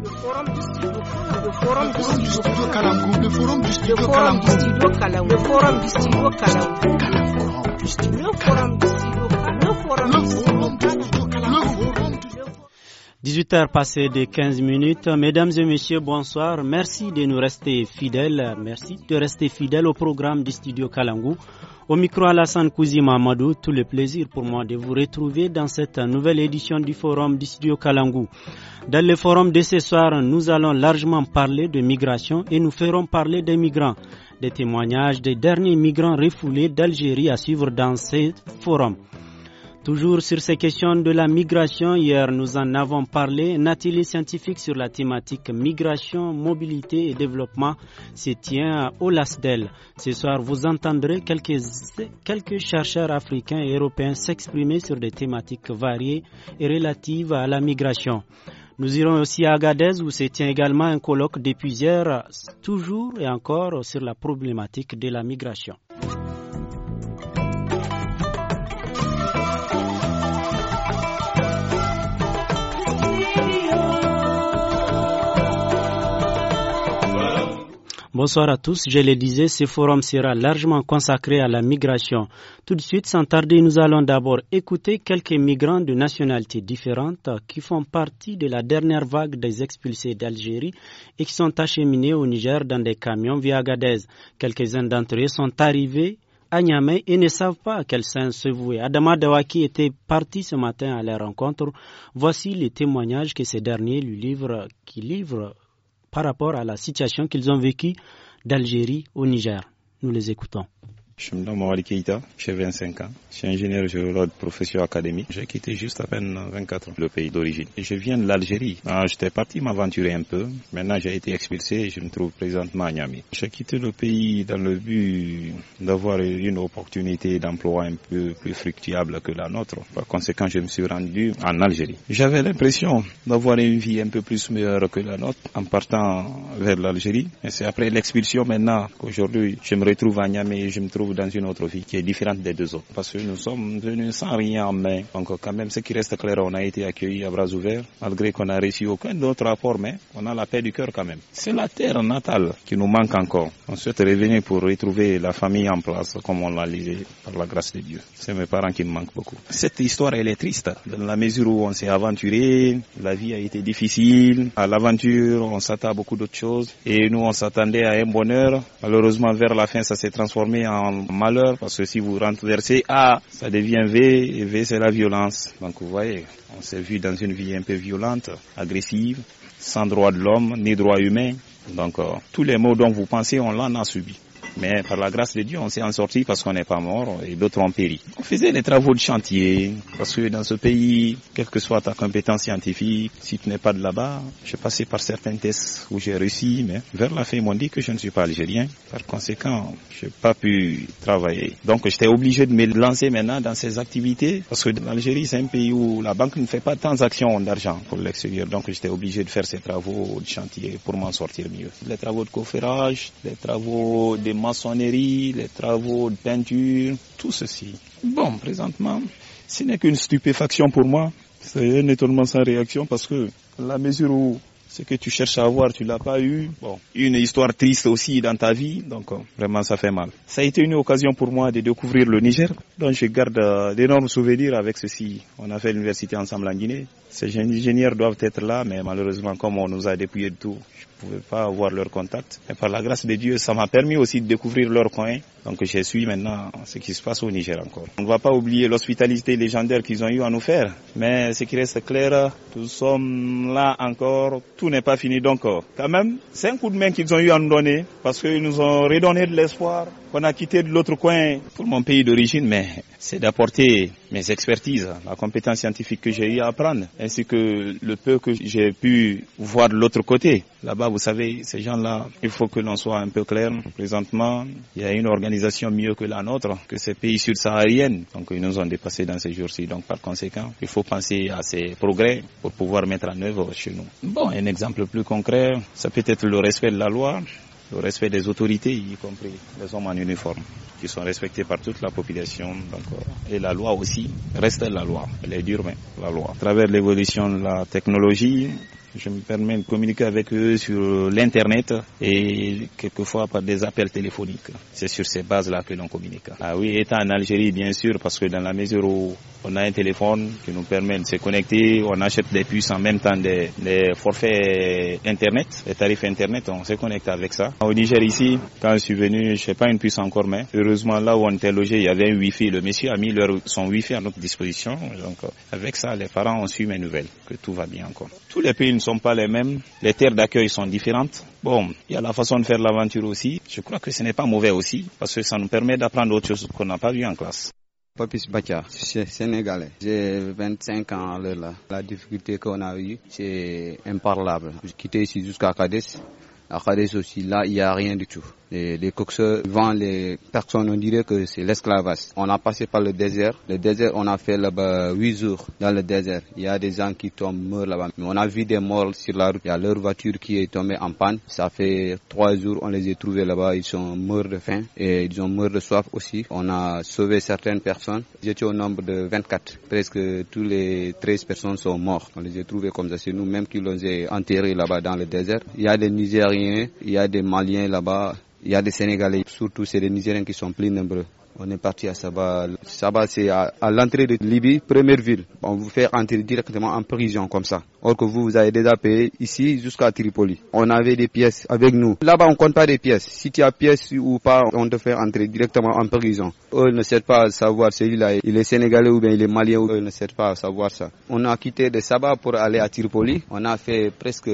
le forum du studio studio 18 passées de 15 minutes. Mesdames et messieurs, bonsoir. Merci de nous rester fidèles. Merci de rester fidèles au programme du studio Kalangou. Au micro Alassane Kouzi Mamadou, tout le plaisir pour moi de vous retrouver dans cette nouvelle édition du forum du studio Kalangou. Dans le forum de ce soir, nous allons largement parler de migration et nous ferons parler des migrants. Des témoignages des derniers migrants refoulés d'Algérie à suivre dans ce forum. Toujours sur ces questions de la migration, hier nous en avons parlé, un scientifique sur la thématique migration, mobilité et développement se tient au LASDEL. Ce soir, vous entendrez quelques, chercheurs africains et européens s'exprimer sur des thématiques variées et relatives à la migration. Nous irons aussi à Agadez où se tient également un colloque depuis hier, toujours et encore sur la problématique de la migration. Bonsoir à tous. Je le disais, ce forum sera largement consacré à la migration. Tout de suite, sans tarder, nous allons d'abord écouter quelques migrants de nationalités différentes qui font partie de la dernière vague des expulsés d'Algérie et qui sont acheminés au Niger dans des camions via Gadez. Quelques-uns d'entre eux sont arrivés à Niamey et ne savent pas à quel sens se vouer. Adama Dawaki était parti ce matin à la rencontre. Voici les témoignages que ces derniers lui qui livrent par rapport à la situation qu'ils ont vécue d'Algérie au Niger. Nous les écoutons. Je me nomme Mawali Keita, j'ai 25 ans. Je suis ingénieur géologue, professeur académique. J'ai quitté juste à peine 24 ans le pays d'origine. Je viens de l'Algérie. Ah, j'étais parti m'aventurer un peu. Maintenant, j'ai été expulsé et je me trouve présentement à Niamey. J'ai quitté le pays dans le but d'avoir une opportunité d'emploi un peu plus fructuable que la nôtre. Par conséquent, je me suis rendu en Algérie. J'avais l'impression d'avoir une vie un peu plus meilleure que la nôtre en partant vers l'Algérie. Et c'est après l'expulsion maintenant qu'aujourd'hui, je me retrouve à Niamey et je me trouve dans une autre vie qui est différente des deux autres. Parce que nous sommes venus sans rien en main. Donc quand même, ce qui reste clair, on a été accueillis à bras ouverts, malgré qu'on n'a reçu aucun autre apport mais on a la paix du cœur quand même. C'est la terre natale qui nous manque encore. On souhaite revenir pour retrouver la famille en place, comme on l'a lié par la grâce de Dieu. C'est mes parents qui me manquent beaucoup. Cette histoire, elle est triste, dans la mesure où on s'est aventuré, la vie a été difficile, à l'aventure, on s'attend à beaucoup d'autres choses, et nous, on s'attendait à un bonheur. Malheureusement, vers la fin, ça s'est transformé en malheur parce que si vous renversez A, ça devient V et V c'est la violence. Donc vous voyez, on s'est vu dans une vie un peu violente, agressive, sans droit de l'homme ni droit humain. Donc euh, tous les maux dont vous pensez, on l'en a subi. Mais par la grâce de Dieu, on s'est en sorti parce qu'on n'est pas mort et d'autres ont péri. On faisait les travaux de chantier parce que dans ce pays, quelle que soit ta compétence scientifique, si tu n'es pas de là-bas, j'ai passé par certains tests où j'ai réussi, mais vers la fin, ils m'ont dit que je ne suis pas algérien. Par conséquent, je n'ai pas pu travailler. Donc, j'étais obligé de me lancer maintenant dans ces activités parce que l'Algérie, c'est un pays où la banque ne fait pas de transactions d'argent pour l'extérieur. Donc, j'étais obligé de faire ces travaux de chantier pour m'en sortir mieux. Les travaux de coffrage, les travaux de maçonnerie, les travaux de peinture, tout ceci. Bon, présentement, ce n'est qu'une stupéfaction pour moi. C'est un étonnement sans réaction parce que la mesure où ce que tu cherches à avoir, tu l'as pas eu. Bon, une histoire triste aussi dans ta vie, donc euh, vraiment ça fait mal. Ça a été une occasion pour moi de découvrir le Niger, donc je garde euh, d'énormes souvenirs avec ceci. On a fait l'université ensemble en Guinée. Ces ingénieurs doivent être là, mais malheureusement, comme on nous a dépouillé de tout, je ne pouvais pas avoir leur contact. Et par la grâce de Dieu, ça m'a permis aussi de découvrir leur coin. Donc je suis maintenant ce qui se passe au Niger encore. On ne va pas oublier l'hospitalité légendaire qu'ils ont eu à nous faire. Mais ce qui reste clair, nous sommes là encore, tout n'est pas fini. Donc quand même, c'est un coup de main qu'ils ont eu à nous donner parce qu'ils nous ont redonné de l'espoir qu'on a quitté de l'autre coin pour mon pays d'origine. Mais c'est d'apporter mes expertises, la compétence scientifique que j'ai eu à apprendre, ainsi que le peu que j'ai pu voir de l'autre côté. Là-bas, vous savez, ces gens-là, il faut que l'on soit un peu clair. Présentement, il y a une organisation mieux que la nôtre, que ces pays sud Donc, ils nous ont dépassés dans ces jours-ci. Donc, par conséquent, il faut penser à ces progrès pour pouvoir mettre en œuvre chez nous. Bon, un exemple plus concret, ça peut être le respect de la loi, le respect des autorités, y compris les hommes en uniforme, qui sont respectés par toute la population. Donc, euh, et la loi aussi reste la loi. Elle est dure, mais la loi. À travers l'évolution de la technologie, je me permets de communiquer avec eux sur l'Internet et quelquefois par des appels téléphoniques. C'est sur ces bases-là que l'on communique. Ah oui, étant en Algérie, bien sûr, parce que dans la mesure où on a un téléphone qui nous permet de se connecter, on achète des puces en même temps des, forfaits Internet, des tarifs Internet, on se connecte avec ça. Au Niger ici, quand je suis venu, je n'ai pas une puce encore, mais heureusement là où on était logé, il y avait un wifi. Le monsieur a mis son wifi à notre disposition. Donc avec ça, les parents ont su mes nouvelles, que tout va bien encore. Tous les pays ne sont pas les mêmes, les terres d'accueil sont différentes. Bon, il y a la façon de faire l'aventure aussi. Je crois que ce n'est pas mauvais aussi, parce que ça nous permet d'apprendre autre chose qu'on n'a pas vu en classe. Papis Bacha, je suis sénégalais. J'ai 25 ans là. La difficulté qu'on a eue, c'est imparlable. J'ai quitté ici jusqu'à Cadès. À aussi, là, il n'y a rien du tout. Les, les vendent les personnes, on dirait que c'est l'esclavage. On a passé par le désert. Le désert, on a fait là-bas 8 jours dans le désert. Il y a des gens qui tombent, meurent là-bas. Mais on a vu des morts sur la route. Il y a leur voiture qui est tombée en panne. Ça fait 3 jours, on les a trouvés là-bas. Ils sont morts de faim et ils ont morts de soif aussi. On a sauvé certaines personnes. J'étais au nombre de 24. Presque tous les 13 personnes sont mortes. On les a trouvés comme ça. C'est nous-mêmes qui les avons enterrés là-bas dans le désert. Il y a des Nigériens il y a des Maliens là-bas, il y a des Sénégalais. Surtout, c'est les Nigériens qui sont plus nombreux. On est parti à Saba. Saba, c'est à l'entrée de Libye, première ville. On vous fait entrer directement en prison comme ça. Or que vous, vous avez déjà payé ici jusqu'à Tripoli. On avait des pièces avec nous. Là-bas, on compte pas des pièces. Si tu as pièces ou pas, on te fait entrer directement en prison. Eux ne savent pas savoir celui-là, il est sénégalais ou bien il est malien. Eux ne savent pas savoir ça. On a quitté de Sabah pour aller à Tripoli. On a fait presque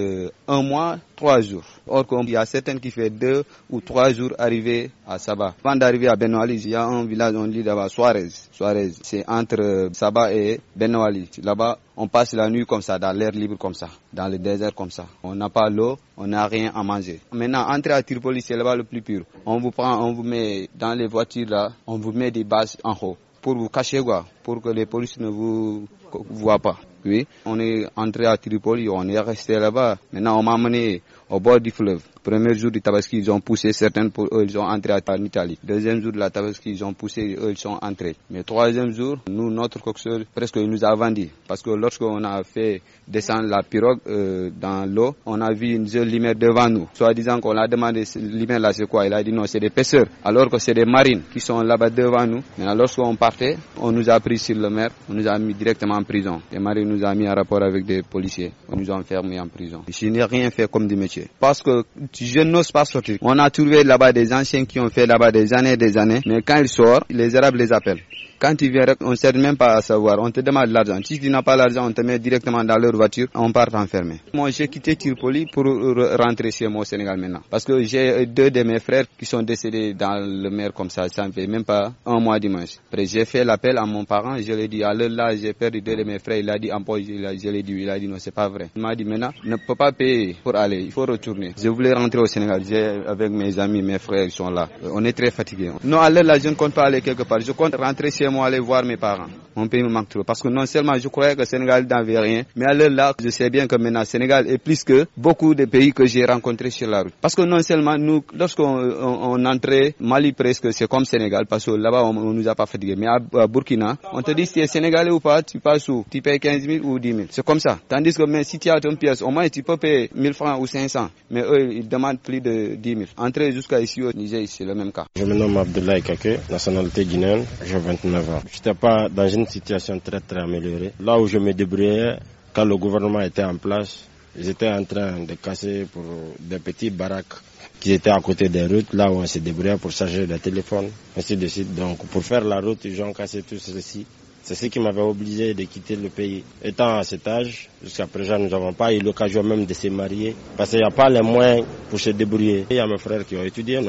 un mois, trois jours. Or qu'il y a certaines qui font deux ou trois jours arriver à Saba. Avant d'arriver à Benoali, il y a un village, on dit là-bas Suarez. Suarez, c'est entre Saba et Benoali. Là-bas, on passe la nuit comme ça dans l'air libre comme ça, dans le désert comme ça. On n'a pas l'eau, on n'a rien à manger. Maintenant, entrer à Tripoli, c'est là-bas le plus pur. On vous prend, on vous met dans les voitures là, on vous met des bases en haut pour vous cacher quoi, pour que les policiers ne vous voient pas. Oui. On est entré à Tripoli, on est resté là-bas. Maintenant, on m'a amené au bord du fleuve. Premier jour du Tabaski, ils ont poussé certains, pour eux, ils ont entré en Italie. Deuxième jour de la Tabaski, ils ont poussé, eux, ils sont entrés. Mais troisième jour, nous, notre coxeur, presque, il nous a vendu. Parce que lorsqu'on a fait descendre la pirogue euh, dans l'eau, on a vu une jeune lumière devant nous. Soit disant qu'on a demandé, lumière là, c'est quoi Il a dit non, c'est des pêcheurs. Alors que c'est des marines qui sont là-bas devant nous. Maintenant, lorsqu'on partait, on nous a pris sur le mer, on nous a mis directement en prison. Les marines nous a mis en rapport avec des policiers. On nous a enfermés en prison. Je n'ai rien fait comme du métier. Parce que je n'ose pas sortir. On a trouvé là-bas des anciens qui ont fait là-bas des années et des années. Mais quand ils sortent, les Arabes les appellent. Quand tu viens on ne sert même pas à savoir. On te demande l'argent. Si tu n'as pas l'argent, on te met directement dans leur voiture. On part enfermé. Moi, j'ai quitté Tripoli pour rentrer chez moi au Sénégal maintenant. Parce que j'ai deux de mes frères qui sont décédés dans le mer comme ça. Ça ne fait même pas un mois dimanche. Après, j'ai fait l'appel à mon parent. Je lui ai dit, à là, j'ai perdu deux de mes frères. Il a dit, en Je lui ai dit, il a dit, non, c'est pas vrai. Il m'a dit, maintenant, ne peut pas payer pour aller. Il faut retourner. Je voulais rentrer au Sénégal. J'ai Avec mes amis, mes frères, ils sont là. On est très fatigués. Non, à là, je ne compte pas aller quelque part. Je compte rentrer chez moi aller voir mes parents. Mon pays me manque trop. Parce que non seulement je croyais que le Sénégal n'avait rien, mais à l'heure là, je sais bien que maintenant le Sénégal est plus que beaucoup de pays que j'ai rencontrés sur la rue. Parce que non seulement nous, lorsqu'on on, entrait Mali presque, c'est comme Sénégal, parce que là-bas on, nous a pas fatigués. Mais à, Burkina, on te dit si tu es Sénégalais ou pas, tu passes où Tu payes 15 000 ou 10 000. C'est comme ça. Tandis que mais si tu as ton pièce, au moins tu peux payer 1000 francs ou 500. Mais eux, ils demandent plus de 10 000. Entrer jusqu'à ici au Niger, c'est le même cas. Je me nomme Abdoulaye Kake, nationalité guinéenne. J'ai 29 J'étais Je pas dans une situation très très améliorée. Là où je me débrouillais, quand le gouvernement était en place, j'étais en train de casser pour des petits baraques qui étaient à côté des routes, là où on se débrouillait pour charger des téléphones, ainsi de suite. Donc pour faire la route, ils ont cassé tout ceci. C'est ce qui m'avait obligé de quitter le pays. Étant à cet âge, jusqu'à présent, nous n'avons pas eu l'occasion même de se marier parce qu'il n'y a pas les moyens pour se débrouiller. Il y a mes frères qui ont étudié,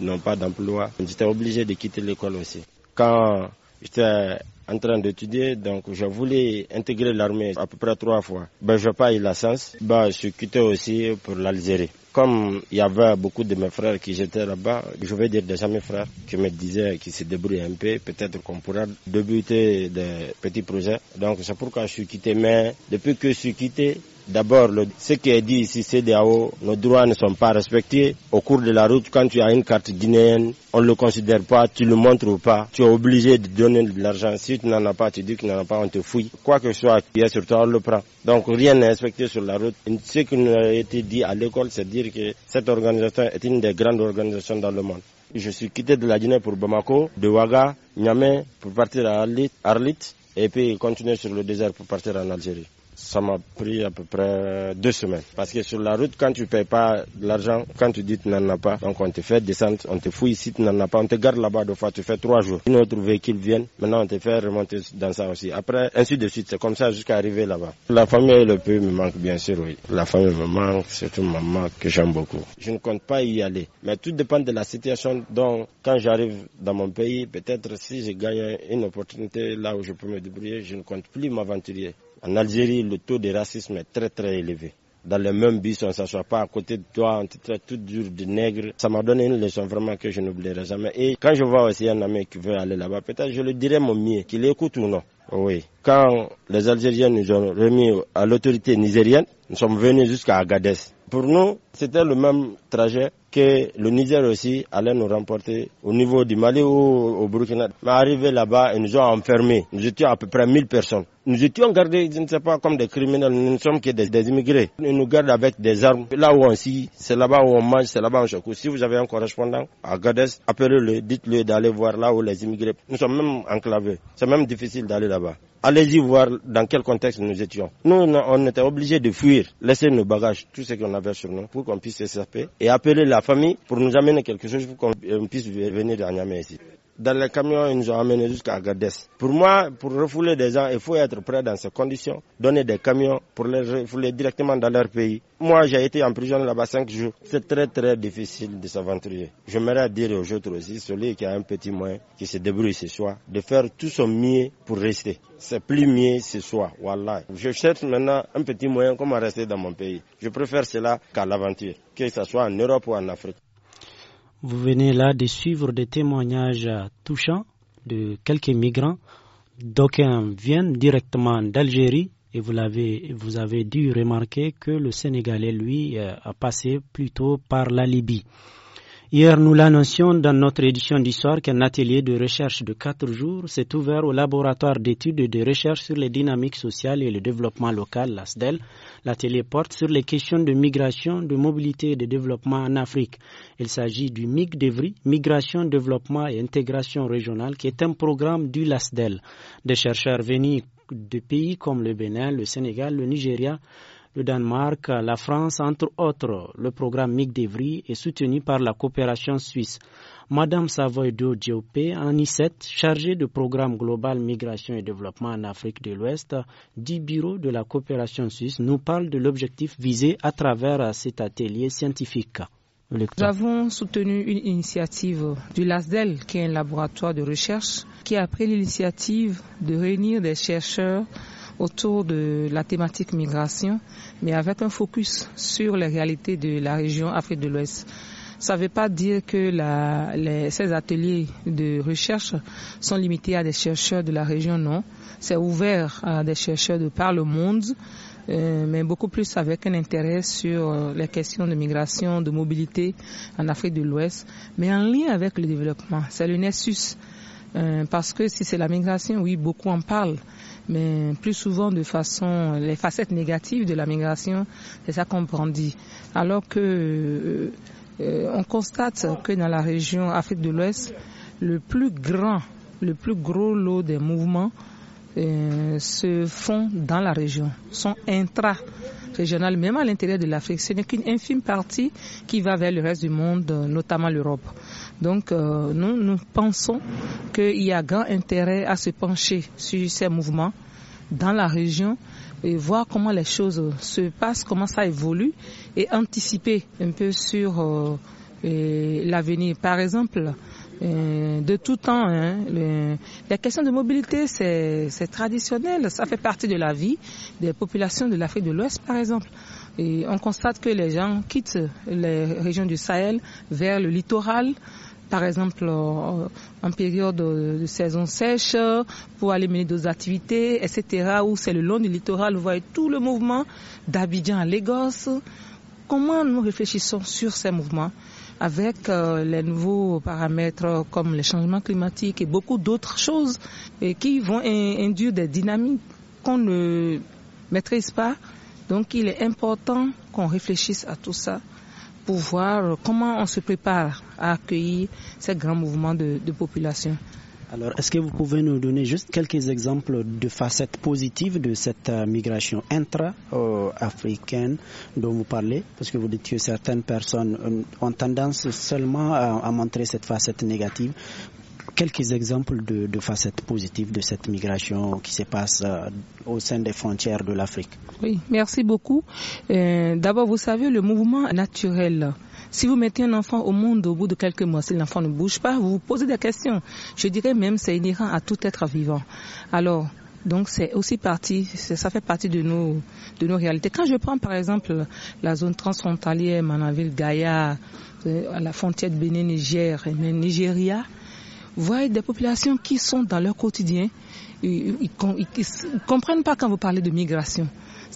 n'ont pas d'emploi. J'étais obligé de quitter l'école aussi. Quand J'étais en train d'étudier, donc je voulais intégrer l'armée à peu près trois fois. Ben, je n'ai pas eu la sens, Ben, je suis quitté aussi pour l'Algérie. Comme il y avait beaucoup de mes frères qui étaient là-bas, je vais dire déjà mes frères qui me disaient qu'ils se débrouillaient un peu, peut-être qu'on pourra débuter des petits projets. Donc c'est pourquoi je suis quitté. Mais depuis que je suis quitté, D'abord, ce qui est dit ici, CDAO, nos droits ne sont pas respectés. Au cours de la route, quand tu as une carte guinéenne, on ne le considère pas, tu le montres ou pas, tu es obligé de donner de l'argent. Si tu n'en as pas, tu dis que tu n'en as pas, on te fouille. Quoi que ce soit qui est sur toi, on le prend. Donc rien n'est respecté sur la route. Ce qui nous a été dit à l'école, c'est dire que cette organisation est une des grandes organisations dans le monde. Je suis quitté de la Guinée pour Bamako, de Ouaga, Niamey, pour partir à Arlit, Arlit et puis continuer sur le désert pour partir en Algérie ça m'a pris à peu près euh, deux semaines. Parce que sur la route, quand tu payes pas l'argent, quand tu dis tu n'en as pas, donc on te fait descendre, on te fouille ici, tu n'en as pas, on te garde là-bas deux fois, tu fais trois jours. Une autre véhicule vient, maintenant on te fait remonter dans ça aussi. Après, ainsi de suite, c'est comme ça jusqu'à arriver là-bas. La famille et le pays me manquent bien sûr, oui. La famille me manque, surtout maman que j'aime beaucoup. Je ne compte pas y aller, mais tout dépend de la situation. Donc, quand j'arrive dans mon pays, peut-être si j'ai gagne une opportunité là où je peux me débrouiller, je ne compte plus m'aventurer. En Algérie, le taux de racisme est très très élevé. Dans le même bus, on ne s'assoit pas à côté de toi, on te traite tout dur de nègre. Ça m'a donné une leçon vraiment que je n'oublierai jamais. Et quand je vois aussi un ami qui veut aller là-bas, peut-être je le dirai mon mieux, qu'il écoute ou non. Oui. Quand les Algériens nous ont remis à l'autorité nigérienne, nous sommes venus jusqu'à Agadez. Pour nous, c'était le même trajet que le Niger aussi allait nous remporter au niveau du Mali ou au Burkina. Mais arrivé là-bas, ils nous ont enfermés. Nous étions à peu près 1000 personnes. Nous étions gardés, je ne sais pas, comme des criminels. Nous ne sommes que des, immigrés. Ils nous gardent avec des armes. Là où on s'y, c'est là-bas où on mange, c'est là-bas où on chocou. Si vous avez un correspondant à Gades, appelez-le, dites-le d'aller voir là où les immigrés. Nous sommes même enclavés. C'est même difficile d'aller là-bas. Allez-y voir dans quel contexte nous étions. Nous, on était obligés de fuir, laisser nos bagages, tout ce qu'on avait sur nous, qu'on puisse s'échapper et appeler la famille pour nous amener quelque chose pour qu'on euh, puisse venir dernièrement ici dans les camions, ils nous ont amenés jusqu'à Agadez. Pour moi, pour refouler des gens, il faut être prêt dans ces conditions, donner des camions pour les refouler directement dans leur pays. Moi, j'ai été en prison là-bas cinq jours. C'est très très difficile de s'aventurer. J'aimerais dire aux autres aussi, celui qui a un petit moyen, qui se débrouille ce soir, de faire tout son mieux pour rester. C'est plus mieux ce soir, voilà. Je cherche maintenant un petit moyen comment rester dans mon pays. Je préfère cela qu'à l'aventure, que ce soit en Europe ou en Afrique. Vous venez là de suivre des témoignages touchants de quelques migrants. D'aucuns viennent directement d'Algérie et vous, avez, vous avez dû remarquer que le Sénégalais, lui, euh, a passé plutôt par la Libye. Hier, nous l'annoncions dans notre édition d'histoire qu'un atelier de recherche de quatre jours s'est ouvert au laboratoire d'études et de recherche sur les dynamiques sociales et le développement local, l'ASDEL. L'atelier porte sur les questions de migration, de mobilité et de développement en Afrique. Il s'agit du MIGDEVRI, Migration, Développement et Intégration Régionale, qui est un programme du LASDEL. Des chercheurs venus de pays comme le Bénin, le Sénégal, le Nigeria, le Danemark, la France, entre autres. Le programme MIG est soutenu par la coopération suisse. Madame Savoy Do Diopé, en I7, chargée de programme global migration et développement en Afrique de l'Ouest du Bureau de la coopération suisse, nous parle de l'objectif visé à travers cet atelier scientifique. Nous avons soutenu une initiative du LASDEL, qui est un laboratoire de recherche, qui a pris l'initiative de réunir des chercheurs autour de la thématique migration, mais avec un focus sur les réalités de la région Afrique de l'Ouest. Ça ne veut pas dire que la, les, ces ateliers de recherche sont limités à des chercheurs de la région, non. C'est ouvert à des chercheurs de par le monde, euh, mais beaucoup plus avec un intérêt sur euh, les questions de migration, de mobilité en Afrique de l'Ouest, mais en lien avec le développement. C'est le nexus. Euh, parce que si c'est la migration, oui, beaucoup en parlent, mais plus souvent de façon les facettes négatives de la migration, c'est ça qu'on dit. Alors que euh, euh, on constate que dans la région Afrique de l'Ouest, le plus grand, le plus gros lot des mouvements euh, se font dans la région, sont intra régionales, même à l'intérieur de l'Afrique, ce n'est qu'une infime partie qui va vers le reste du monde, euh, notamment l'Europe. Donc euh, nous, nous pensons qu'il y a grand intérêt à se pencher sur ces mouvements dans la région et voir comment les choses se passent, comment ça évolue et anticiper un peu sur euh, l'avenir. Par exemple, euh, de tout temps. Hein. la question de mobilité, c'est traditionnel, ça fait partie de la vie des populations de l'Afrique de l'Ouest, par exemple. Et on constate que les gens quittent les régions du Sahel vers le littoral, par exemple en période de saison sèche, pour aller mener des activités, etc., où c'est le long du littoral, vous voyez tout le mouvement d'Abidjan à Lagos. Comment nous réfléchissons sur ces mouvements avec euh, les nouveaux paramètres comme le changement climatique et beaucoup d'autres choses qui vont induire des dynamiques qu'on ne maîtrise pas. Donc il est important qu'on réfléchisse à tout ça pour voir comment on se prépare à accueillir ces grands mouvements de, de population. Alors, est-ce que vous pouvez nous donner juste quelques exemples de facettes positives de cette euh, migration intra-africaine dont vous parlez Parce que vous dites que certaines personnes euh, ont tendance seulement à, montrer cette facette négative quelques exemples de, facettes positives de cette migration qui se passe euh, au sein des frontières de l'Afrique. Oui, merci beaucoup. D'abord, vous savez, le mouvement naturel si vous mettez un enfant au monde au bout de quelques mois, si l'enfant ne bouge pas, vous vous posez des questions. Je dirais même c'est inhérent à tout être vivant. Alors, donc c'est aussi partie, ça fait partie de nos, de nos réalités. Quand je prends par exemple la zone transfrontalière, Manaville, Gaïa, euh, à la frontière de Bénin-Niger Nigeria, vous voyez des populations qui sont dans leur quotidien, ils, ne comprennent pas quand vous parlez de migration.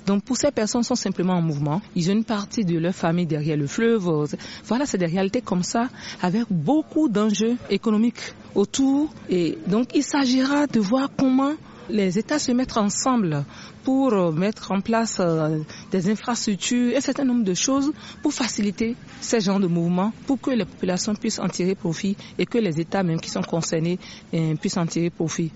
Donc pour ces personnes sont simplement en mouvement. Ils ont une partie de leur famille derrière le fleuve. Voilà, c'est des réalités comme ça, avec beaucoup d'enjeux économiques autour. Et donc il s'agira de voir comment les États se mettent ensemble pour euh, mettre en place euh, des infrastructures et un certain nombre de choses pour faciliter ces genre de mouvement, pour que les populations puissent en tirer profit et que les États même qui sont concernés eh, puissent en tirer profit.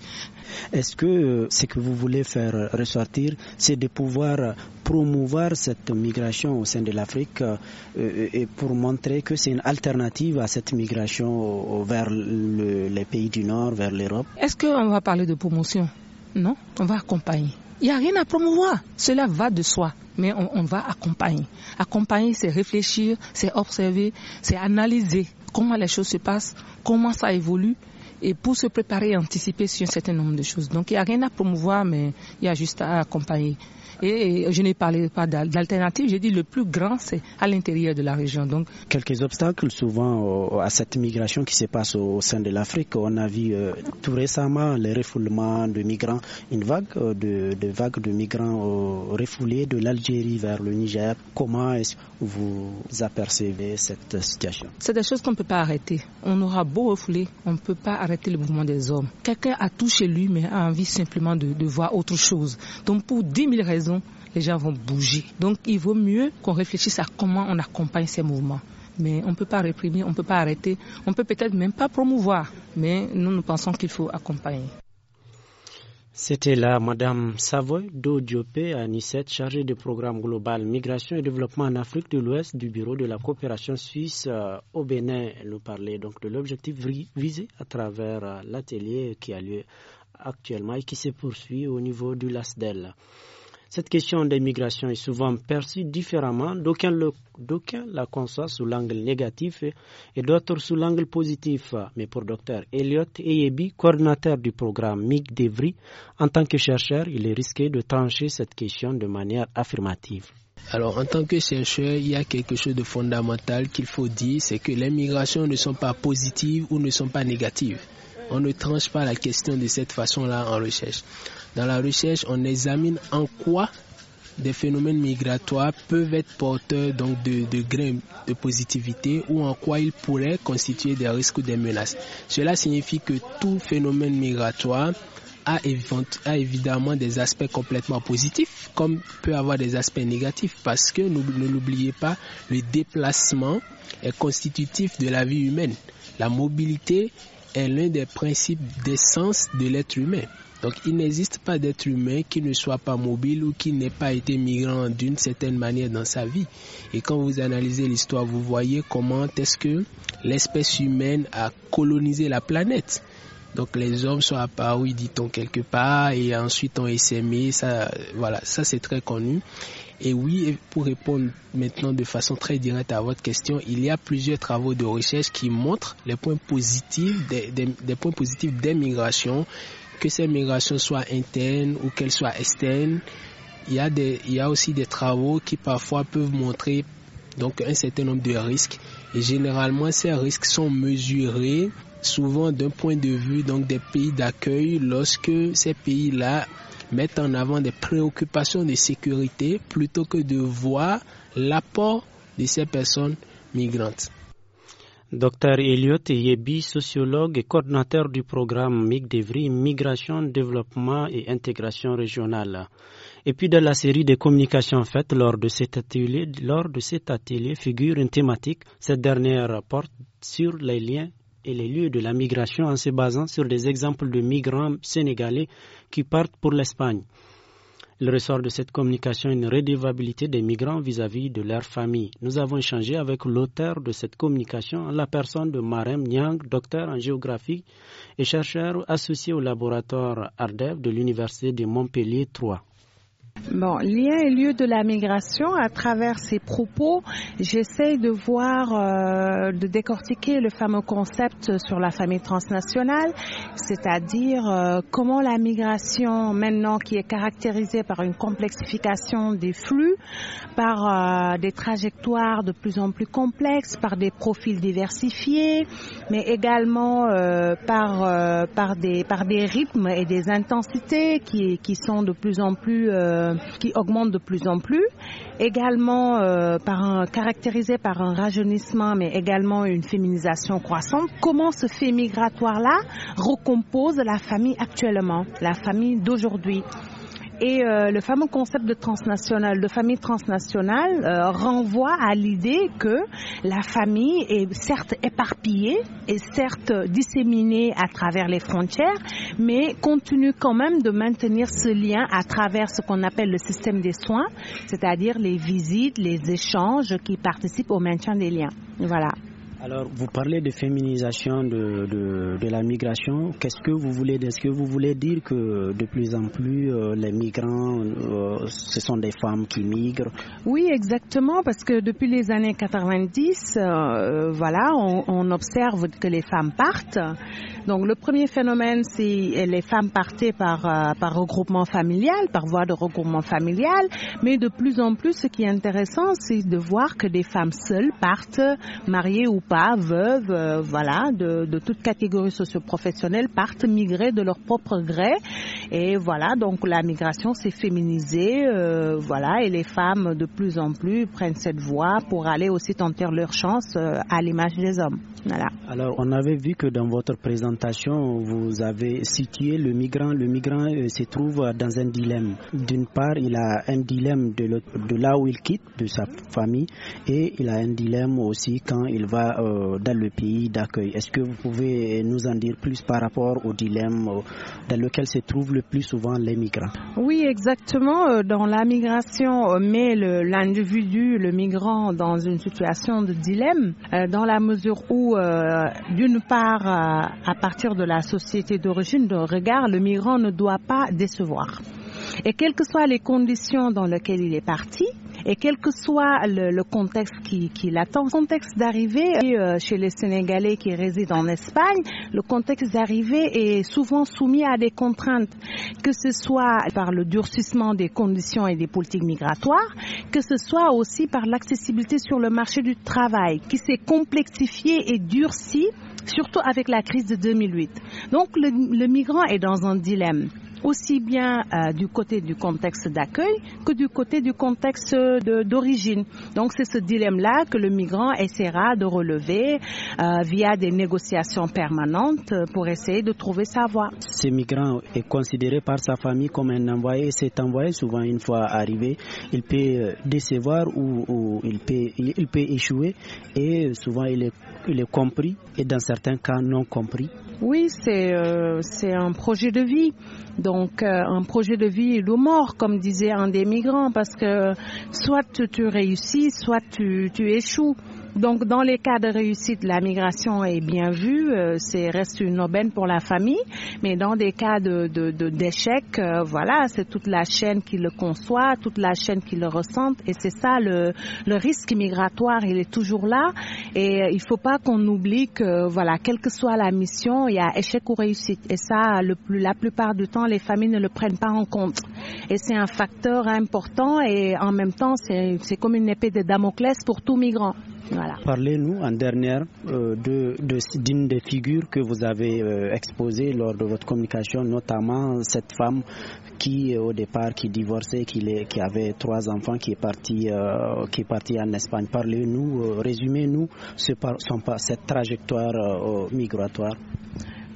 Est-ce que euh, ce que vous voulez faire ressortir, c'est de pouvoir promouvoir cette migration au sein de l'Afrique et pour montrer que c'est une alternative à cette migration vers les pays du Nord, vers l'Europe Est-ce qu'on va parler de promotion non, on va accompagner. Il n'y a rien à promouvoir. Cela va de soi. Mais on, on va accompagner. Accompagner, c'est réfléchir, c'est observer, c'est analyser comment les choses se passent, comment ça évolue et pour se préparer, et anticiper sur un certain nombre de choses. Donc il n'y a rien à promouvoir, mais il y a juste à accompagner. Et je n'ai parlé pas d'alternative, j'ai dit le plus grand, c'est à l'intérieur de la région. Donc Quelques obstacles souvent à cette migration qui se passe au sein de l'Afrique. On a vu euh, tout récemment les refoulements de migrants, une vague euh, de, vagues de migrants refoulés de l'Algérie vers le Niger. Comment est-ce que vous apercevez cette situation C'est des choses qu'on ne peut pas arrêter. On aura beau refouler, on ne peut pas arrêter arrêter le mouvement des hommes. Quelqu'un a tout chez lui, mais a envie simplement de, de voir autre chose. Donc pour 10 000 raisons, les gens vont bouger. Donc il vaut mieux qu'on réfléchisse à comment on accompagne ces mouvements mais on ne peut pas réprimer, on ne peut pas arrêter, on peut peut-être même pas promouvoir, mais nous, nous pensons qu'il faut accompagner. C'était là Madame Savoy Dodiopé Nicette, chargée du programme global Migration et Développement en Afrique de l'Ouest du Bureau de la coopération suisse euh, au Bénin. Nous parlait donc de l'objectif visé à travers euh, l'atelier qui a lieu actuellement et qui se poursuit au niveau du LASDEL. Cette question des migrations est souvent perçue différemment, d'aucuns la conçoivent sous l'angle négatif et d'autres sous l'angle positif. Mais pour Dr Elliot Eyebi, coordinateur du programme MIG d'Evry, en tant que chercheur, il est risqué de trancher cette question de manière affirmative. Alors, en tant que chercheur, il y a quelque chose de fondamental qu'il faut dire, c'est que les migrations ne sont pas positives ou ne sont pas négatives. On ne tranche pas la question de cette façon-là en recherche. Dans la recherche, on examine en quoi des phénomènes migratoires peuvent être porteurs donc de, de grains de positivité ou en quoi ils pourraient constituer des risques ou des menaces. Cela signifie que tout phénomène migratoire a, a évidemment des aspects complètement positifs comme peut avoir des aspects négatifs parce que ne l'oubliez pas, le déplacement est constitutif de la vie humaine. La mobilité est l'un des principes d'essence de l'être humain. Donc il n'existe pas d'être humain qui ne soit pas mobile ou qui n'ait pas été migrant d'une certaine manière dans sa vie. Et quand vous analysez l'histoire, vous voyez comment est-ce que l'espèce humaine a colonisé la planète. Donc les hommes sont apparus, dit-on, quelque part, et ensuite ont essaimé, ça, voilà, ça c'est très connu. Et oui, pour répondre maintenant de façon très directe à votre question, il y a plusieurs travaux de recherche qui montrent les points positifs des, points positifs des migrations, que ces migrations soient internes ou qu'elles soient externes. Il y, a des, il aussi des travaux qui parfois peuvent montrer donc un certain nombre de risques. Et généralement, ces risques sont mesurés souvent d'un point de vue donc des pays d'accueil lorsque ces pays-là mettent en avant des préoccupations de sécurité plutôt que de voir l'apport de ces personnes migrantes. Dr Elliot Yebi, sociologue et coordinateur du programme MIGDEVRI Migration, Développement et Intégration Régionale. Et puis dans la série de communications faites lors de cet atelier, lors de cet atelier figure une thématique. Cette dernière porte sur les liens et les lieux de la migration en se basant sur des exemples de migrants sénégalais qui partent pour l'Espagne. Le ressort de cette communication est une redevabilité des migrants vis-à-vis de leur famille. Nous avons échangé avec l'auteur de cette communication, la personne de Marem Nyang, docteur en géographie et chercheur associé au laboratoire ARDEV de l'Université de Montpellier 3. Bon, lien et lieu de la migration, à travers ces propos, j'essaie de voir, euh, de décortiquer le fameux concept sur la famille transnationale, c'est-à-dire euh, comment la migration, maintenant qui est caractérisée par une complexification des flux, par euh, des trajectoires de plus en plus complexes, par des profils diversifiés, mais également par, par, des, rythmes et des intensités qui, qui sont de plus en plus... Euh, qui augmente de plus en plus, également euh, par un, caractérisé par un rajeunissement, mais également une féminisation croissante. Comment ce fait migratoire-là recompose la famille actuellement, la famille d'aujourd'hui et euh, le fameux concept de transnational, de famille transnationale, euh, renvoie à l'idée que la famille est certes éparpillée et certes disséminée à travers les frontières, mais continue quand même de maintenir ce lien à travers ce qu'on appelle le système des soins, c'est-à-dire les visites, les échanges qui participent au maintien des liens. Voilà. Alors, vous parlez de féminisation de, la migration. Qu'est-ce que vous voulez Est-ce que vous voulez dire que de plus en plus euh, les migrants, euh, ce sont des femmes qui migrent Oui, exactement, parce que depuis les années 90, euh, voilà, on observe que les femmes partent. Donc le premier phénomène, c'est les femmes partaient par, euh, par regroupement familial, par voie de regroupement familial, mais de plus en plus, ce qui est intéressant, c'est de voir que des femmes seules partent, mariées ou pas, veuves, euh, voilà, de, de toute catégorie socioprofessionnelle, partent migrer de leur propre gré. Et voilà, donc la migration s'est féminisée, euh, voilà, et les femmes de plus en plus prennent cette voie pour aller aussi tenter leur chance à l'image des hommes. Voilà. Alors, on avait vu que dans votre présentation, vous avez situé le migrant. Le migrant euh, se trouve dans un dilemme. D'une part, il a un dilemme de, là où il quitte, de sa famille, et il a un dilemme aussi quand il va euh, dans le pays d'accueil. Est-ce que vous pouvez nous en dire plus par rapport au dilemme euh, dans lequel se trouvent le plus souvent les migrants Oui, exactement. Dans la migration, met l'individu, le, migrant, dans une situation de dilemme, dans la mesure où, d'une part, à partir de la société d'origine de regard, le migrant ne doit pas décevoir. Et quelles que soient les conditions dans lesquelles il est parti, et quel que soit le, contexte qui, l'attend, le contexte d'arrivée euh, chez les Sénégalais qui résident en Espagne, le contexte d'arrivée est souvent soumis à des contraintes, que ce soit par le durcissement des conditions et des politiques migratoires, que ce soit aussi par l'accessibilité sur le marché du travail, qui s'est complexifié et durci surtout avec la crise de 2008. Donc le, le migrant est dans un dilemme aussi bien euh, du côté du contexte d'accueil que du côté du contexte d'origine. Donc c'est ce dilemme-là que le migrant essaiera de relever euh, via des négociations permanentes pour essayer de trouver sa voie. Ce migrant est considéré par sa famille comme un envoyé. Cet envoyé, souvent une fois arrivé, il peut euh, décevoir ou, il, peut, peut échouer et souvent il est compris et dans certains cas non compris. Oui, euh, c'est un projet de vie. Donc euh, un projet de vie ou mort, comme disait un des migrants, parce que soit tu réussis, soit tu, tu échoues. Donc, dans les cas de réussite, la migration est bien vue, euh, c'est reste une aubaine pour la famille, mais dans des cas de d'échec, de, euh, voilà, c'est toute la chaîne qui le conçoit, toute la chaîne qui le ressente, et c'est ça le, le risque migratoire, il est toujours là, et euh, il faut pas qu'on oublie que voilà, quelle que soit la mission, il y a échec ou réussite, et ça, le la plupart du temps, les familles ne le prennent pas en compte, et c'est un facteur important, et en même temps, c'est comme une épée de Damoclès pour tout migrant. Parlez-nous en dernière euh, d'une de, des figures que vous avez euh, exposées lors de votre communication, notamment cette femme qui euh, au départ qui divorçait, qui, qui avait trois enfants, qui est partie, en Espagne. Parlez-nous, résumez-nous cette trajectoire migratoire.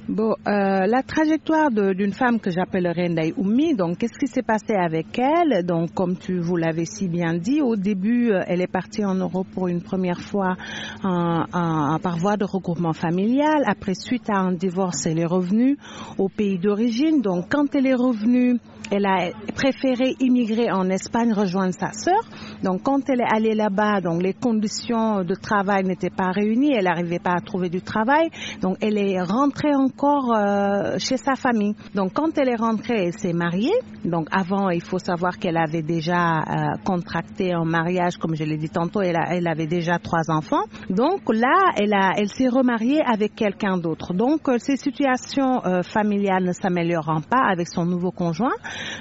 Bon, euh, la trajectoire d'une femme que j'appelle Ndai Oumi, donc qu'est-ce qui s'est passé avec elle Donc, comme tu vous l'avais si bien dit, au début, euh, elle est partie en Europe pour une première fois en, en, par voie de regroupement familial. Après, suite à un divorce, elle est revenue au pays d'origine. Donc, quand elle est revenue, elle a préféré immigrer en Espagne, rejoindre sa sœur. Donc, quand elle est allée là-bas, donc les conditions de travail n'étaient pas réunies, elle n'arrivait pas à trouver du travail. Donc, elle est rentrée en encore euh, chez sa famille. Donc quand elle est rentrée, elle s'est mariée. Donc avant, il faut savoir qu'elle avait déjà euh, contracté un mariage, comme je l'ai dit tantôt, elle, elle, avait déjà trois enfants. Donc là, elle, s'est remariée avec quelqu'un d'autre. Donc ces euh, ses situations familiales ne s'améliorant pas avec son nouveau conjoint,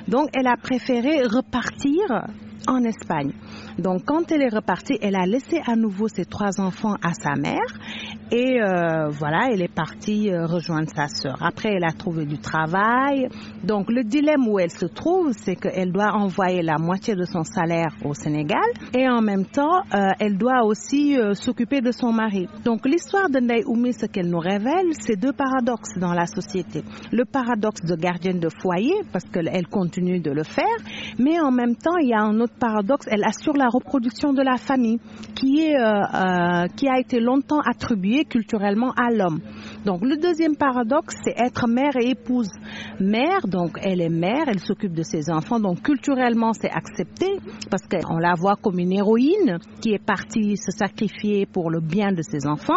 donc elle a préféré repartir en Espagne. Donc quand elle est repartie, elle a laissé à nouveau ses trois enfants à sa mère et euh, voilà, elle est partie euh, rejoindre sa sœur. Après, elle a trouvé du travail. Donc le dilemme où elle se trouve, c'est qu'elle doit envoyer la moitié de son salaire au Sénégal et en même temps, euh, elle doit aussi s'occuper de son mari. Donc l'histoire de Oumi, ce qu'elle nous révèle, c'est deux paradoxes dans la société. Le paradoxe de gardienne de foyer, parce qu'elle continue de le faire, mais en même temps, il y a un autre paradoxe, elle assure la reproduction de la famille euh, euh, qui, a été longtemps attribuée culturellement à l'homme. Donc le deuxième paradoxe, c'est être mère et épouse. Mère, donc elle est mère, elle s'occupe de ses enfants, donc culturellement c'est accepté parce qu'on la voit comme une héroïne qui est partie se sacrifier pour le bien de ses enfants.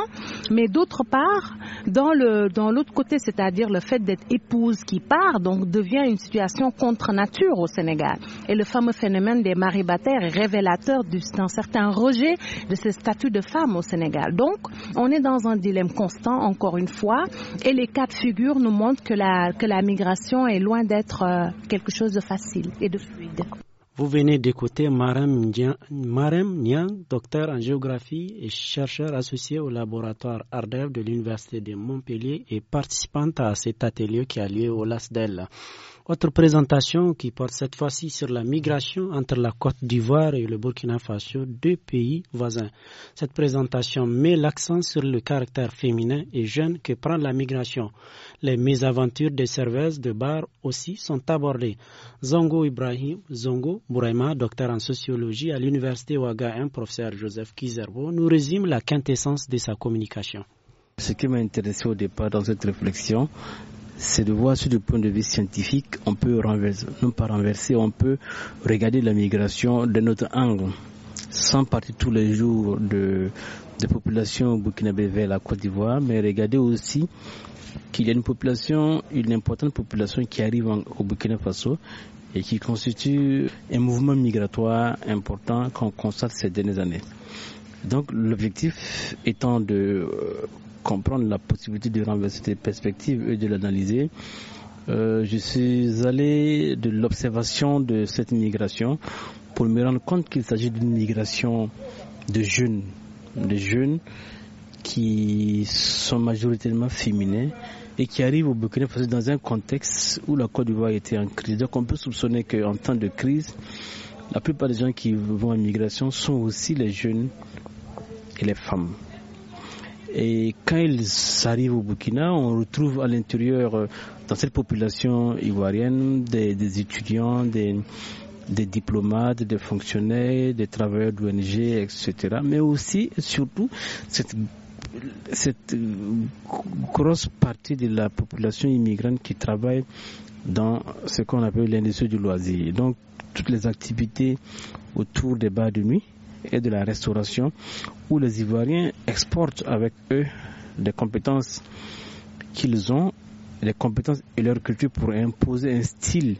Mais d'autre part, dans dans l'autre côté, c'est-à-dire le fait d'être épouse qui part, donc devient une situation contre nature au Sénégal. Et le fameux phénomène des Marie Bataire est révélateur d'un certain rejet de ce statut de femme au Sénégal. Donc, on est dans un dilemme constant, encore une fois, et les cas de figure nous montrent que la, migration est loin d'être euh, quelque chose de facile et de fluide. Vous venez d'écouter Marem Nian, docteur en géographie et chercheur associé au laboratoire Ardev de l'Université de Montpellier et participante à cet atelier qui a lieu au LASDEL. Autre présentation qui porte cette fois-ci sur la migration entre la Côte d'Ivoire et le Burkina Faso, deux pays voisins. Cette présentation met l'accent sur le caractère féminin et jeune que prend la migration. Les mésaventures des serveuses de bar aussi sont abordées. Zongo Ibrahim, Zongo docteur en sociologie à l'université Ouaga professeur Joseph Kizerbo, nous résume la quintessence de sa communication. Ce qui m'a intéressé au départ dans cette réflexion, c'est de voir sur le point de vue scientifique, on peut renverser, non pas renverser, on peut regarder la migration de notre angle. Sans partir tous les jours de, de population burkinabé vers la Côte d'Ivoire, mais regarder aussi qu'il y a une population, une importante population qui arrive au Burkina Faso et qui constitue un mouvement migratoire important qu'on constate ces dernières années. Donc l'objectif étant de euh, comprendre la possibilité de renverser cette perspectives et de l'analyser. Euh, je suis allé de l'observation de cette migration pour me rendre compte qu'il s'agit d'une migration de jeunes, de jeunes qui sont majoritairement féminins et qui arrivent au Burkina Faso dans un contexte où la Côte d'Ivoire était en crise. Donc on peut soupçonner qu'en temps de crise, la plupart des gens qui vont en migration sont aussi les jeunes et les femmes. Et quand ils arrivent au Burkina, on retrouve à l'intérieur, euh, dans cette population ivoirienne, des, étudiants, des, diplomates, des fonctionnaires, des travailleurs d'ONG, etc. Mais aussi, surtout, cette, cette euh, grosse partie de la population immigrante qui travaille dans ce qu'on appelle l'industrie du loisir. Donc, toutes les activités autour des bars de nuit, et de la restauration, où les Ivoiriens exportent avec eux les compétences qu'ils ont, les compétences et leur culture pour imposer un style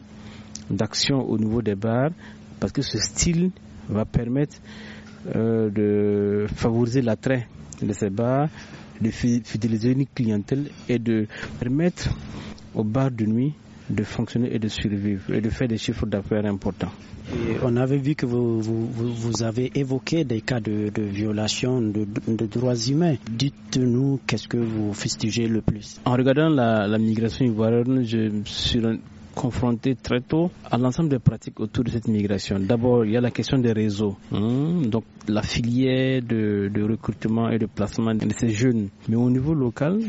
d'action au niveau des bars, parce que ce style va permettre euh, de favoriser l'attrait de ces bars, de fidéliser une clientèle et de permettre aux bars de nuit de fonctionner et de survivre et de faire des chiffres d'affaires importants. Et on avait vu que vous, vous, avez évoqué des cas de, violation de, droits humains. Dites-nous qu'est-ce que vous fustigez le plus. En regardant la, migration ivoirienne, je me suis confronté très tôt à l'ensemble des pratiques autour de cette migration. D'abord, il y a la question des réseaux, hmm, donc la filière de, de recrutement et de placement de ces jeunes. Mais au niveau local,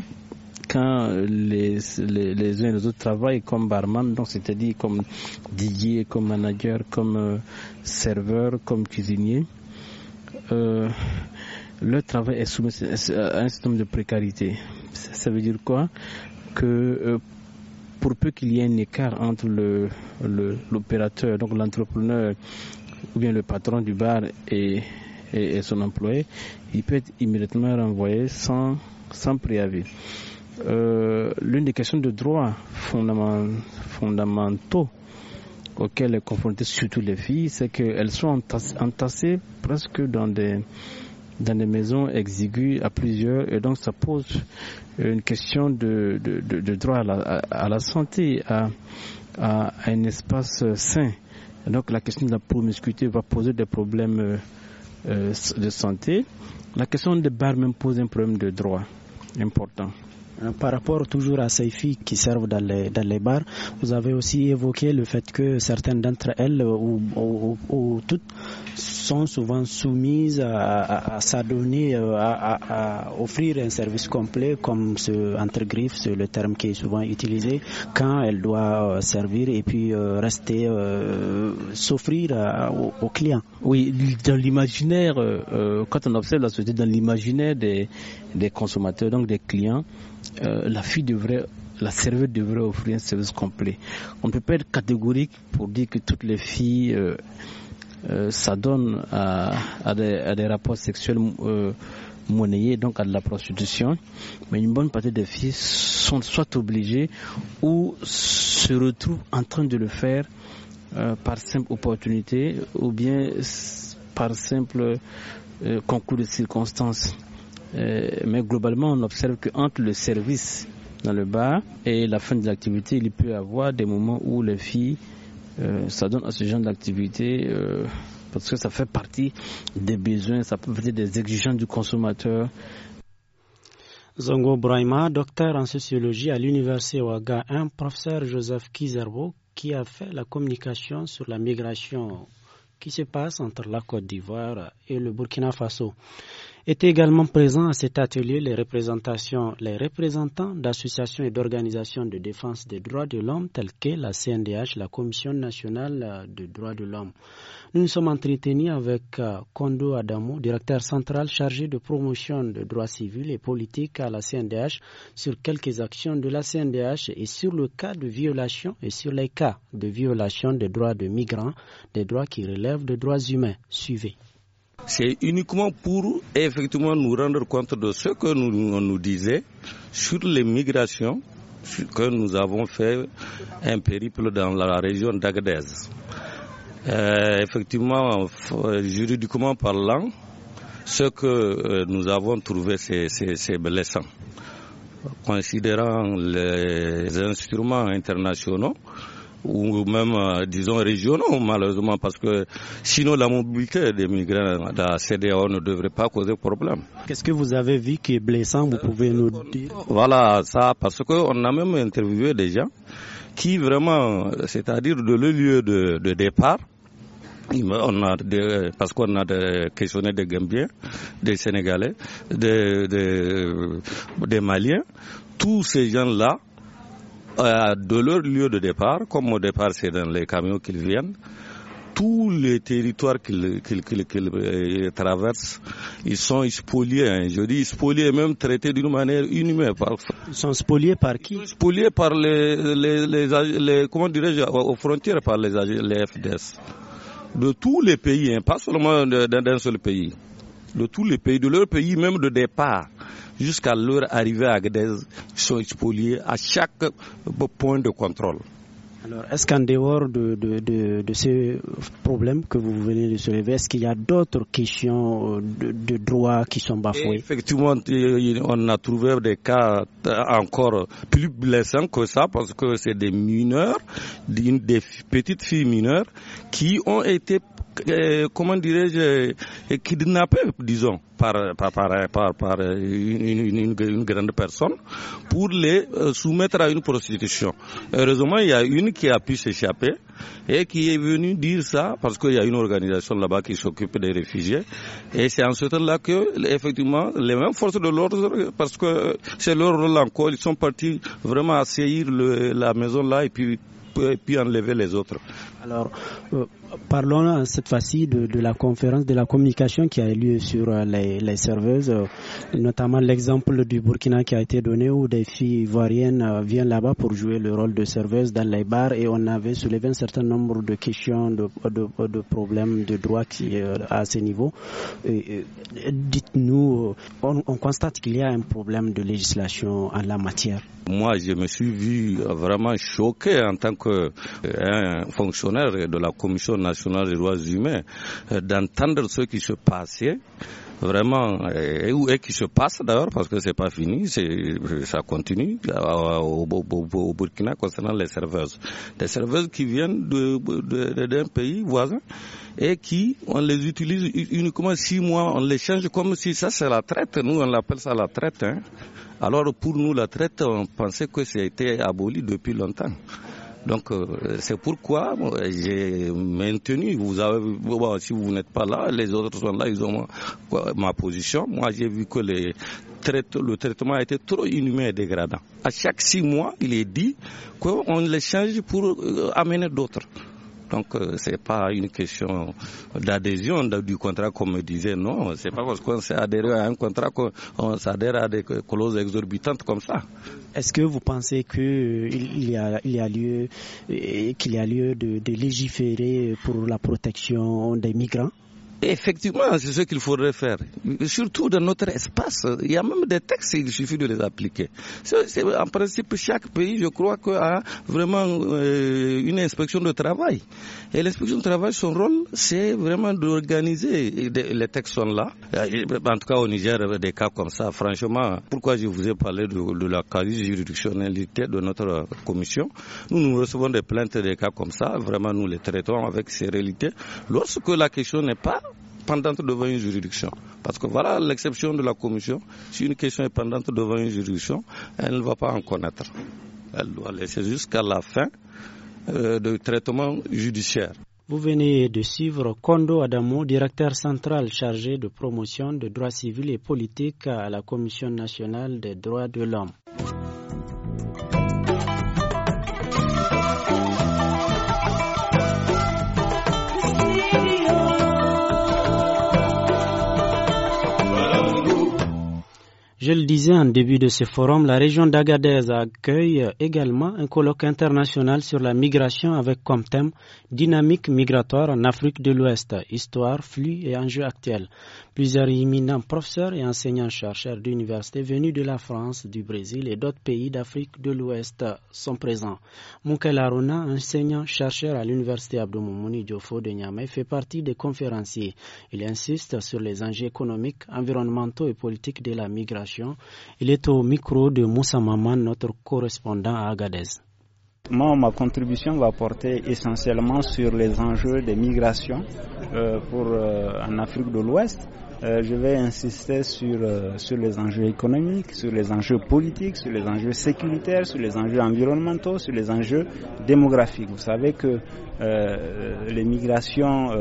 quand euh, les, les, uns et les autres travaillent comme barman, donc c'est-à-dire comme DJ, comme manager, comme euh, serveur, comme cuisinier, euh, leur travail est soumis à un système de précarité. Ça veut dire quoi Que euh, pour peu qu'il y ait un écart entre le l'opérateur, donc l'entrepreneur ou bien le patron du bar et, son employé, il peut être immédiatement renvoyé sans, sans préavis. Euh, l'une des questions de droits fondamentaux auxquelles sont confrontées surtout les filles, c'est qu'elles sont entassées presque dans des dans des maisons exiguës à plusieurs et donc ça pose une question de, droit à la, santé, à, un espace sain. donc la question de la promiscuité va poser des problèmes euh, euh, de santé. La question des bars même pose un problème de droit important. Euh, par rapport toujours à ces filles qui servent dans les, dans les bars, vous avez aussi évoqué le fait que certaines d'entre elles, euh, ou toutes, sont souvent soumises à, s'adonner, euh, à, offrir un service complet, comme ce entre griffes, c'est le terme qui est souvent utilisé, quand elle doit euh, servir et puis euh, rester, s'offrir aux, client. clients. Oui, dans l'imaginaire, quand on observe la société, dans l'imaginaire des, consommateurs, donc des clients, la fille devrait la devrait offrir un service complet. On ne peut pas être catégorique pour dire que toutes les filles euh, ça donne à, des, rapports sexuels euh, monnayés, donc à de la prostitution. Mais une bonne partie des filles sont soit obligées ou se retrouvent en train de le faire euh, par simple opportunité ou bien par simple concours de circonstances. mais globalement, on observe qu'entre le service dans le bar et la fin de l'activité, il peut y avoir des moments où les filles euh, ça donne à ce genre d'activité euh, parce que ça fait partie des besoins, ça peut être des exigences du consommateur. Zongo Brahima, docteur en sociologie à l'université Ouaga 1, professeur Joseph Kizerbo, qui a fait la communication sur la migration qui se passe entre la Côte d'Ivoire et le Burkina Faso. Étaient également présents à cet atelier les, représentations, les représentants d'associations et d'organisations de défense des droits de l'homme telles que la CNDH, la Commission nationale euh, des droits de l'homme. Nous nous sommes entretenus avec euh, Kondo Adamo, directeur central chargé de promotion de droits civils et politiques à la CNDH, sur quelques actions de la CNDH et sur le cas de violation et sur les cas de violation des droits de migrants, des droits qui relèvent des droits humains. Suivez c'est uniquement pour effectivement nous rendre compte de ce que nous, on nous disait sur les migrations que nous avons fait un périple dans la région d'Agadez. Euh, effectivement, juridiquement parlant, ce que euh, nous avons trouvé, c'est blessant. Considérant les instruments internationaux, ou même, euh, disons, régionaux, malheureusement, parce que sinon la mobilité des migrants dans la CDAO ne devrait pas causer problème. Qu'est-ce que vous avez vu qui est blessant, vous pouvez nous dire Voilà, ça, parce qu'on a même interviewé des gens qui vraiment, c'est-à-dire de le lieu de, de départ, on a parce qu'on a questionné des Gambiens, des Sénégalais, des Maliens, tous ces gens-là, euh, de leur lieu de départ, comme au départ c'est dans les camions qu'ils viennent, tous les territoires qu'ils qu euh, traversent, ils sont spoliés. Hein. Je dis spoliés, même traités d'une manière inhumaine. Parfois. Ils sont spoliés par qui Spoliés par les, les, les, comment dirais-je, aux frontières par les, les FDS. De tous les pays, hein, pas seulement d'un seul pays. De tous les pays, de leur pays même de départ jusqu'à leur arrivée à ils sont expoliés à chaque point de contrôle. Alors, est-ce qu'en dehors de, de, de, de, ce problème que vous venez de soulever, est-ce qu'il y a d'autres questions euh, de, droits qui sont bafouées Effectivement, on a trouvé des cas euh, encore plus blessants que ça, parce que c'est des mineurs, des petites filles mineures, qui ont été euh, comment dirais-je, euh, kidnappé, disons, par, par, par, par une, une, une, grande personne pour les euh, soumettre à une prostitution. Heureusement, il y a une qui a pu s'échapper et qui est venue dire ça parce qu'il y a une organisation là-bas qui s'occupe des réfugiés. Et c'est en ce temps-là que, effectivement, les mêmes forces de l'ordre, parce que c'est leur rôle encore, ils sont partis vraiment assaillir la maison là et puis, puis enlever les autres. Alors, parlons cette fois-ci de, la conférence de la communication qui a eu lieu sur euh, les, serveuses, euh, notamment l'exemple du Burkina qui a été donné où des filles ivoiriennes euh, viennent là-bas pour jouer le rôle de serveuse dans les bars et on avait soulevé un certain nombre de questions, de, problèmes de droit à ce niveau. Dites-nous, on, constate qu'il y a un problème de législation en la matière. Moi, je me suis vu vraiment choqué en tant que fonctionnaire de la commission nationale des droits humains, euh, d'entendre ce qui se passait vraiment euh, et, qui se passe d'ailleurs parce que c'est pas fini, euh, ça continue au, Burkina concernant les serveuses, des serveuses qui viennent d'un de, pays voisin et qui on les utilise uniquement six mois, on les change comme si ça c'est la traite, nous on l'appelle ça la traite. Hein. Alors pour nous la traite, on pensait que ça a été aboli depuis longtemps. Donc euh, c'est pourquoi j'ai maintenu. Vous avez, si vous n'êtes pas là, les autres sont là, ils ont ma, ma position. Moi, j'ai vu que le traitement était trop inhumain et dégradant. À chaque six mois, il est dit qu'on les change pour euh, amener d'autres. Donc euh, ce n'est pas une question d'adhésion du contrat comme disait non, c'est pas parce qu'on s'est adhéré à un contrat qu'on s'adhère à des clauses exorbitantes comme ça. Est-ce que vous pensez qu'il y a, lieu qu'il a lieu de légiférer pour la protection des migrants Effectivement, c'est ce qu'il faudrait faire. Surtout dans notre espace, il y a même des textes, il suffit de les appliquer. en principe, chaque pays, je crois, a vraiment euh, une inspection de travail. Et l'inspection de travail, son rôle, c'est vraiment d'organiser. Les textes sont là. Euh, en tout cas, au Niger, il y des cas comme ça, franchement, pourquoi je vous ai parlé de, la quasi-juridictionnalité de notre commission Nous, nous recevons des plaintes des cas comme ça, vraiment, nous les traitons avec sérénité. Lorsque la question n'est pas pendante devant une juridiction. Parce que voilà l'exception de la commission. Si une question est pendante devant une juridiction, elle ne va pas en connaître. Elle doit laisser jusqu'à la fin euh, du traitement judiciaire. Vous venez de suivre Kondo Adamo, directeur central chargé de promotion de droits civils et politiques à la Commission nationale des droits de l'homme. Je le disais en début de ce forum, la région d'Agadez accueille également un colloque international sur la migration avec comme thème Dynamique migratoire en Afrique de l'Ouest, histoire, flux et enjeux actuels. Plusieurs éminents professeurs et enseignants-chercheurs d'université venus de la France, du Brésil et d'autres pays d'Afrique de l'Ouest sont présents. Moukel Aruna, enseignant-chercheur à l'université Moumouni Diofo de Niamey, fait partie des conférenciers. Il insiste sur les enjeux économiques, environnementaux et politiques de la migration. Il est au micro de Moussa Maman, notre correspondant à Agadez ma contribution va porter essentiellement sur les enjeux des migrations euh, pour, euh, en Afrique de l'Ouest euh, je vais insister sur, euh, sur les enjeux économiques, sur les enjeux politiques, sur les enjeux sécuritaires, sur les enjeux environnementaux, sur les enjeux démographiques. Vous savez que euh, les migrations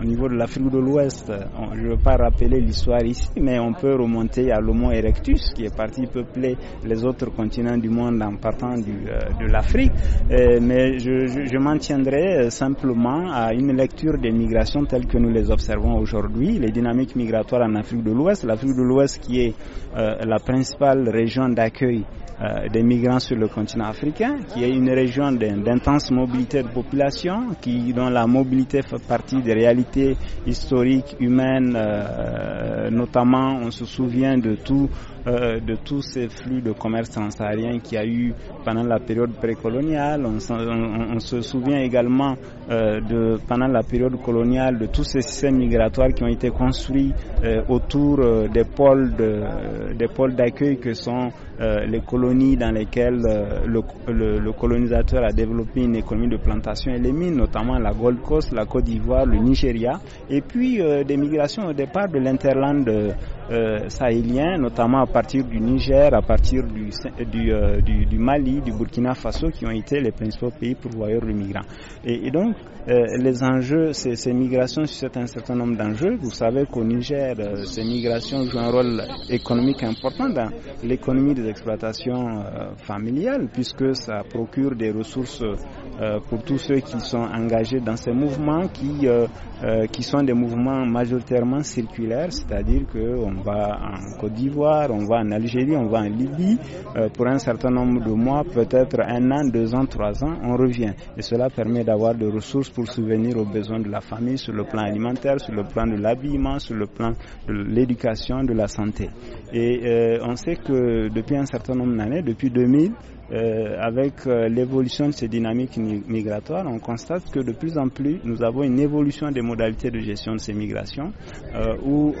au niveau de l'Afrique de l'Ouest, je ne veux pas rappeler l'histoire ici, mais on peut remonter à l'Homo erectus qui est parti peupler les autres continents du monde en partant de l'Afrique. mais je, je, je m'en tiendrai simplement à une lecture des migrations telles que nous les observons aujourd'hui, les dynamiques migratoires en Afrique de l'Ouest, l'Afrique de l'Ouest qui est euh, la principale région d'accueil euh, des migrants sur le continent africain, qui est une région d'intense mobilité de population, qui, dont la mobilité fait partie des réalités historiques, humaines, euh, notamment on se souvient de tout euh, de tous ces flux de commerce transaharien qu'il y a eu pendant la période précoloniale. On, on, se souvient également euh, de pendant la période coloniale de tous ces systèmes migratoires qui ont été construits euh, autour des pôles des pôles d'accueil que sont les colonies dans lesquelles le, colonisateur a développé une économie de plantation et les mines, notamment la Gold Coast, la Côte d'Ivoire, le Nigeria, et puis des migrations au départ de l'interland euh, sahéliens, notamment à partir du Niger, à partir euh, du, Mali, du Burkina Faso, qui ont été les principaux pays pourvoyeurs de migrants. Et, donc, euh, les enjeux, ces, migrations, c'est un certain nombre d'enjeux. Vous savez qu'au Niger, ces migrations jouent un rôle économique important dans l'économie des exploitations familiales, puisque ça procure des ressources pour tous ceux qui sont engagés dans ces mouvements qui, qui sont des mouvements majoritairement circulaires, c'est-à-dire qu'on on va en Côte d'Ivoire, on va en Algérie, on va en Libye. Euh, pour un certain nombre de mois, peut-être un an, deux ans, trois ans, on revient. Et cela permet d'avoir des ressources pour souvenir aux besoins de la famille sur le plan alimentaire, sur le plan de l'habillement, sur le plan de l'éducation, de la santé. Et euh, on sait que depuis un certain nombre d'années, depuis 2000, euh, avec euh, l'évolution de ces dynamiques migratoires, on constate que de plus en plus, nous avons une évolution des modalités de gestion de ces migrations, euh, où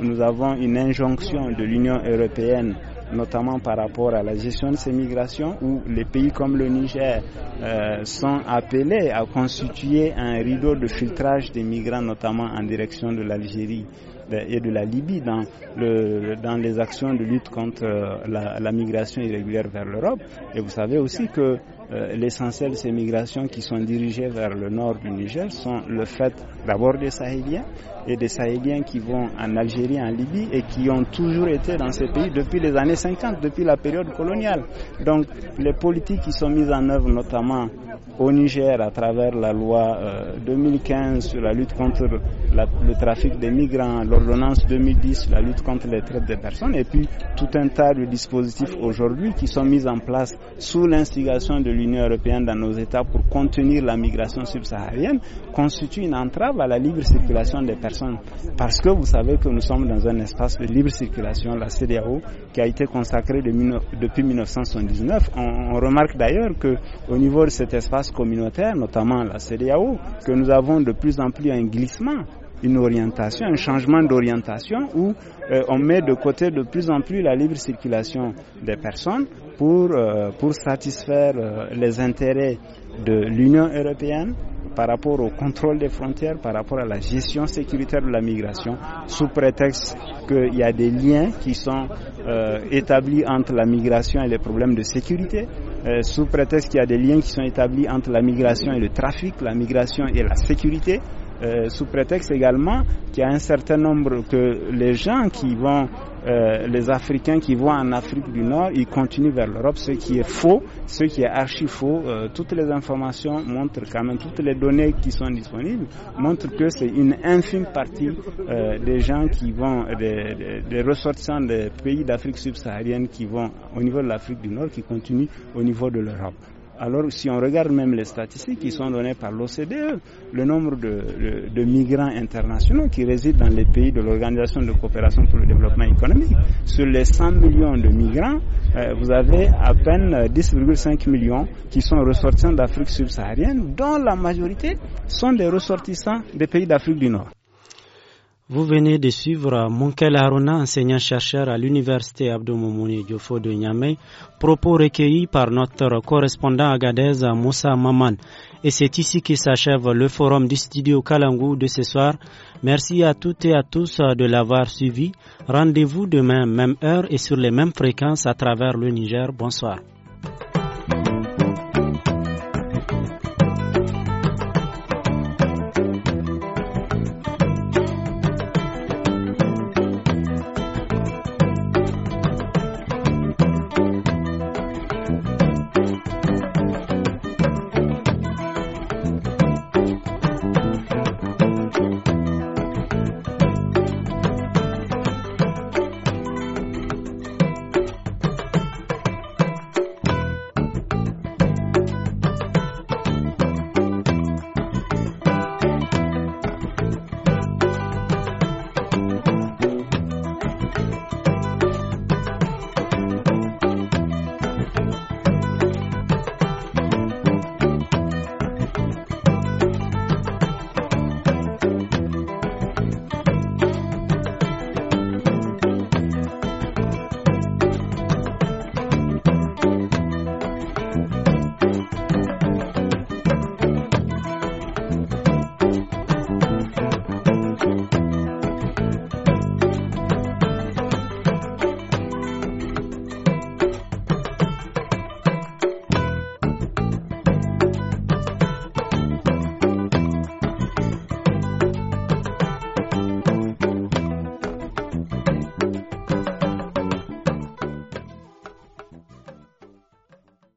nous avons une injonction de l'Union européenne notamment par rapport à la gestion de ces migrations, où les pays comme le Niger euh, sont appelés à constituer un rideau de filtrage des migrants, notamment en direction de l'Algérie et de la Libye dans, le, dans les actions de lutte contre euh, la, migration irrégulière vers l'Europe. Et vous savez aussi que euh, l'essentiel de ces migrations qui sont dirigées vers le nord du Niger sont le fait d'abord des Sahéliens, et des Sahéliens qui vont en Algérie, en Libye et qui ont toujours été dans ces pays depuis les années 50, depuis la période coloniale. Donc les politiques qui sont mises en œuvre notamment au Niger à travers la loi 2015 euh, sur la lutte contre le trafic des migrants, l'ordonnance 2010 sur la lutte contre les traites des personnes et puis tout un tas de dispositifs aujourd'hui qui sont mis en place sous l'instigation de l'Union européenne dans nos États pour contenir la migration subsaharienne constituent une entrave à la libre circulation des personnes parce que vous savez que nous sommes dans un espace de libre circulation, la CDAO, qui a été consacrée depuis 1979. On, remarque d'ailleurs que au niveau de cet espace communautaire, notamment la CDAO, que nous avons de plus en plus un glissement une orientation, un changement d'orientation où euh, on met de côté de plus en plus la libre circulation des personnes pour, euh, pour satisfaire euh, les intérêts de l'Union européenne, par rapport au contrôle des frontières, par rapport à la gestion sécuritaire de la migration, sous prétexte qu'il y a des liens qui sont euh, établis entre la migration et les problèmes de sécurité, euh, sous prétexte qu'il y a des liens qui sont établis entre la migration et le trafic, la migration et la sécurité. Euh, sous prétexte également qu'il y a un certain nombre que les gens qui vont euh, les Africains qui vont en Afrique du Nord, ils continuent vers l'Europe, ce qui est faux, ce qui est archi faux. Euh, toutes les informations montrent quand même, toutes les données qui sont disponibles montrent que c'est une infime partie euh, des gens qui vont, des, des ressortissants des pays d'Afrique subsaharienne qui vont au niveau de l'Afrique du Nord, qui continuent au niveau de l'Europe. Alors si on regarde même les statistiques qui sont données par l'OCDE, le nombre de, migrants internationaux qui résident dans les pays de l'Organisation de coopération pour le développement économique, sur les 100 millions de migrants, euh, vous avez à peine 10,5 euh, millions qui sont ressortissants d'Afrique subsaharienne, dont la majorité sont des ressortissants des pays d'Afrique du Nord. Vous venez de suivre Monkel Aruna, enseignant-chercheur à l'université Moumouni Diofo de Niamey, propos recueillis par notre correspondant agadez Moussa Maman. Et c'est ici que s'achève le forum du studio Kalangou de ce soir. Merci à toutes et à tous de l'avoir suivi. Rendez-vous demain, même heure et sur les mêmes fréquences à travers le Niger. Bonsoir.